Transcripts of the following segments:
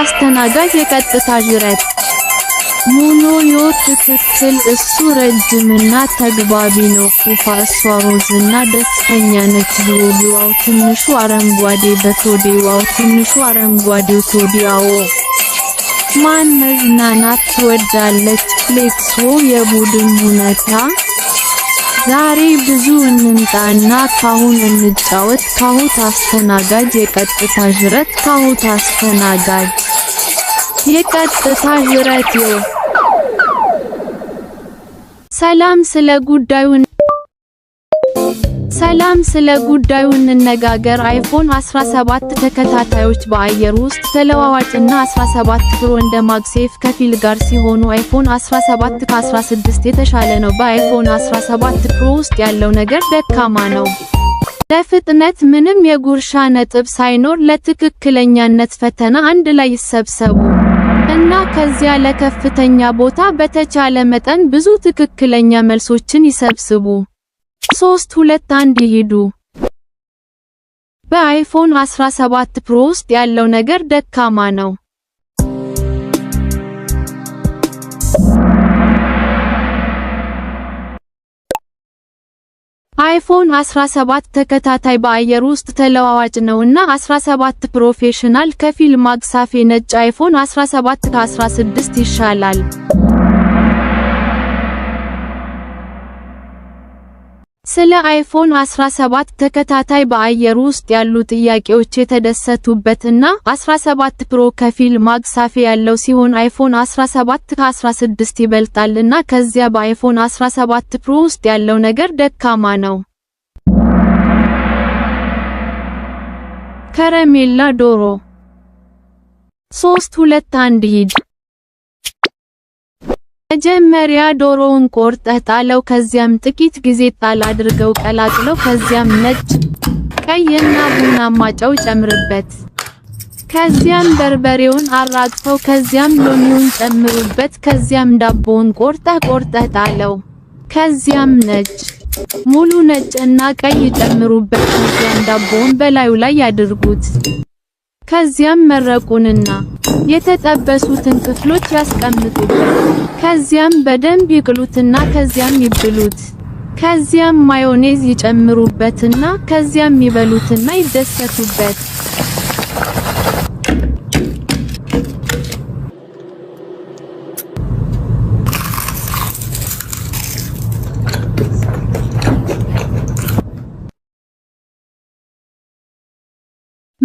አስተናጋጅ የቀጥታ ዥረት ሙኖዮ ትክክል። እሱ ረጅምና ተግባቢ ነው። ኩፋ እሷ ሮዝና ደስተኛ ነች። ሎቢዋው ትንሹ አረንጓዴ በቶዴዋው ትንሹ አረንጓዴ ቶዲያዎ ማን መዝናናት ትወዳለች። ፍሌክሶ የቡድን ሁኔታ! ዛሬ ብዙ እንምጣና ካሁን እንጫወት። ካሁት አስተናጋጅ የቀጥታ ዥረት ካሁት አስተናጋጅ የቀጥታ ህይወቴው ሰላም ስለ ጉዳዩን ሰላም ስለ ጉዳዩ እንነጋገር። አይፎን 17 ተከታታዮች በአየር ውስጥ ተለዋዋጭና 17 ፕሮ እንደ ማግሴፍ ከፊል ጋር ሲሆኑ አይፎን 17 ከ16 የተሻለ ነው። በአይፎን 17 ፕሮ ውስጥ ያለው ነገር ደካማ ነው። ለፍጥነት ምንም የጉርሻ ነጥብ ሳይኖር ለትክክለኛነት ፈተና አንድ ላይ ይሰብሰቡ። እና ከዚያ ለከፍተኛ ቦታ በተቻለ መጠን ብዙ ትክክለኛ መልሶችን ይሰብስቡ። 3 2 1 ይሂዱ። በአይፎን 17 ፕሮ ውስጥ ያለው ነገር ደካማ ነው። አይፎን 17 ተከታታይ በአየር ውስጥ ተለዋዋጭ ነውና 17 ፕሮፌሽናል ከፊል ማግሳፌ ነጭ አይፎን 17 ከ16 ይሻላል። ስለ አይፎን 17 ተከታታይ በአየር ውስጥ ያሉ ጥያቄዎች የተደሰቱበት እና 17 ፕሮ ከፊል ማግሳፊ ያለው ሲሆን አይፎን 17 ከ16 ይበልጣል እና ከዚያ በአይፎን 17 ፕሮ ውስጥ ያለው ነገር ደካማ ነው። ከረሜላ ዶሮ 3 2 1 ሂድ መጀመሪያ ዶሮውን ቆርጠህ ጣለው። ከዚያም ጥቂት ጊዜ ጣል አድርገው ቀላቅለው። ከዚያም ነጭ፣ ቀይና ቡናማ ጨው ጨምርበት። ከዚያም በርበሬውን አራጥፈው። ከዚያም ሎሚውን ጨምሩበት። ከዚያም ዳቦውን ቆርጠህ ቆርጠህ ጣለው። ከዚያም ነጭ፣ ሙሉ ነጭ እና ቀይ ጨምሩበት። ከዚያም ዳቦውን በላዩ ላይ ያድርጉት። ከዚያም መረቁንና የተጠበሱትን ክፍሎች ያስቀምጡበት። ከዚያም በደንብ ይቅሉትና ከዚያም ይብሉት። ከዚያም ማዮኔዝ ይጨምሩበትና ከዚያም ይበሉትና ይደሰቱበት።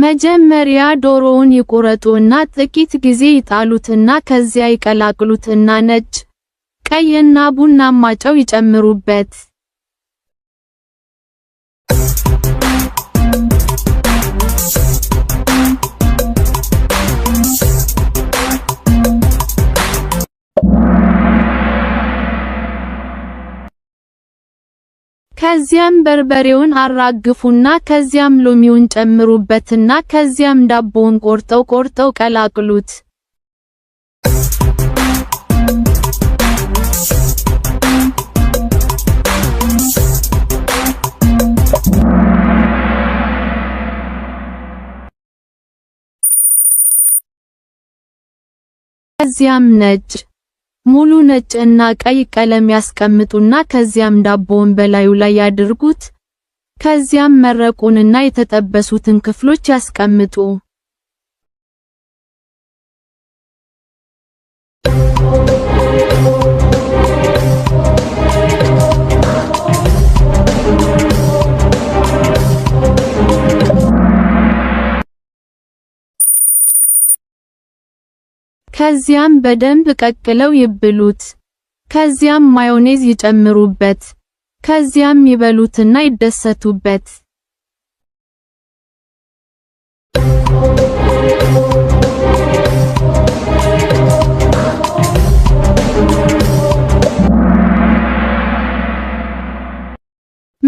መጀመሪያ ዶሮውን ይቁረጡና ጥቂት ጊዜ ይጣሉትና ከዚያ ይቀላቅሉትና ነጭ፣ ቀይና ቡናማ ጨው ይጨምሩበት። ከዚያም በርበሬውን አራግፉና ከዚያም ሎሚውን ጨምሩበትና ከዚያም ዳቦውን ቆርጠው ቆርጠው ቀላቅሉት። ከዚያም ነጭ ሙሉ ነጭ እና ቀይ ቀለም ያስቀምጡና ከዚያም ዳቦውን በላዩ ላይ ያድርጉት። ከዚያም መረቁንና የተጠበሱትን ክፍሎች ያስቀምጡ። ከዚያም በደንብ ቀቅለው ይብሉት። ከዚያም ማዮኔዝ ይጨምሩበት። ከዚያም ይበሉትና ይደሰቱበት።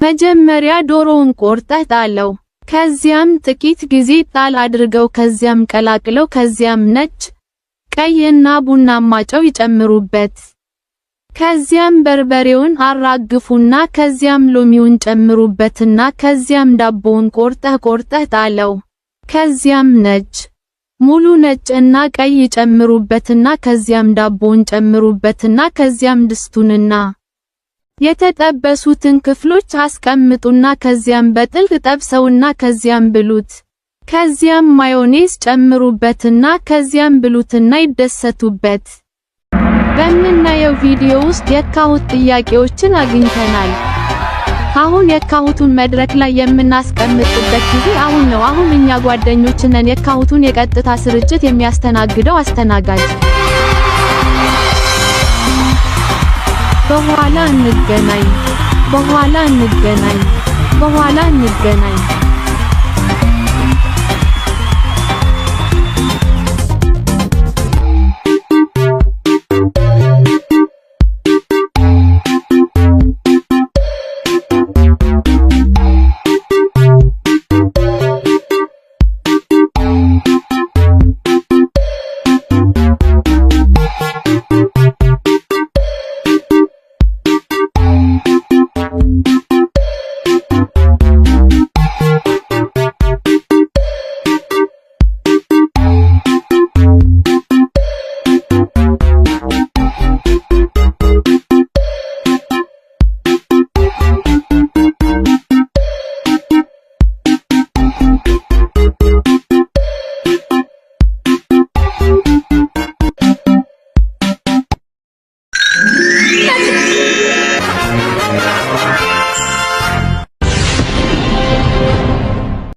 መጀመሪያ ዶሮውን ቆርጠህ ጣለው። ከዚያም ጥቂት ጊዜ ጣል አድርገው ከዚያም ቀላቅለው ከዚያም ነጭ ቀይ እና ቡናማ ጨው ይጨምሩበት። ከዚያም በርበሬውን አራግፉና ከዚያም ሎሚውን ጨምሩበትና ከዚያም ዳቦውን ቆርጠህ ቆርጠህ ጣለው። ከዚያም ነጭ ሙሉ ነጭ እና ቀይ ይጨምሩበትና ከዚያም ዳቦውን ጨምሩበትና ከዚያም ድስቱንና የተጠበሱትን ክፍሎች አስቀምጡና ከዚያም በጥልቅ ጠብሰውና ከዚያም ብሉት። ከዚያም ማዮኔዝ ጨምሩበትና ከዚያም ብሉትና ይደሰቱበት። በምናየው ቪዲዮ ውስጥ የካሁት ጥያቄዎችን አግኝተናል። አሁን የካሁቱን መድረክ ላይ የምናስቀምጥበት ጊዜ አሁን ነው። አሁን እኛ ጓደኞች ነን። የካሁቱን የቀጥታ ስርጭት የሚያስተናግደው አስተናጋጅ። በኋላ እንገናኝ፣ በኋላ እንገናኝ፣ በኋላ እንገናኝ።